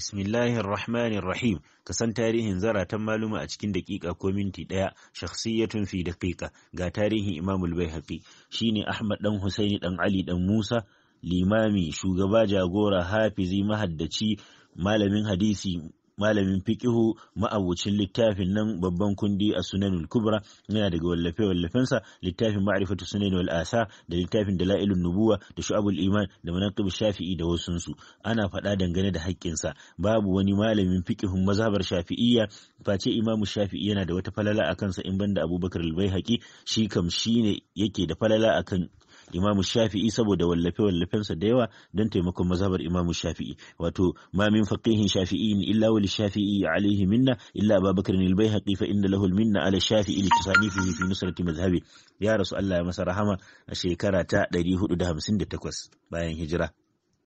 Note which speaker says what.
Speaker 1: bismillahir rahmanir rahim ka san tarihin zaratan maluma a cikin daƙiƙa ko minti ɗaya shakhsiyatun fi daƙiƙa ga tarihin imamul shi ne ahmad dan husaini dan ali dan musa limami shugaba jagora hafizi mahaddaci malamin hadisi malamin fiqihu ma'abucin littafin nan babban kundi a sunanul kubra yana daga wallafe wallafensa littafin ma'rifatu sunan wal da littafin dalailun nubuwa da shu'abul iman da manaqib shafi'i da wasunsu ana faɗa dangane da haƙƙinsa babu wani malamin fiqihun mazhabar shafi'iyya face imamu shafi'i yana da wata falala a kansa in banda abubakar al-baihaqi shi kam shine yake da falala akan imamu shafi'i saboda wallafe wallafensa da yawa don taimakon mazhabar imamu shafi'i wato ma min faqihin shafi'in illa wal shafi'i alaihi minna illa abubakar al baihaqi fa inna lahu al minna ala shafi'i li tusanifihi fi nusrati mazhabi ya rasu Allah ya masa rahama a shekara ta 458 bayan hijira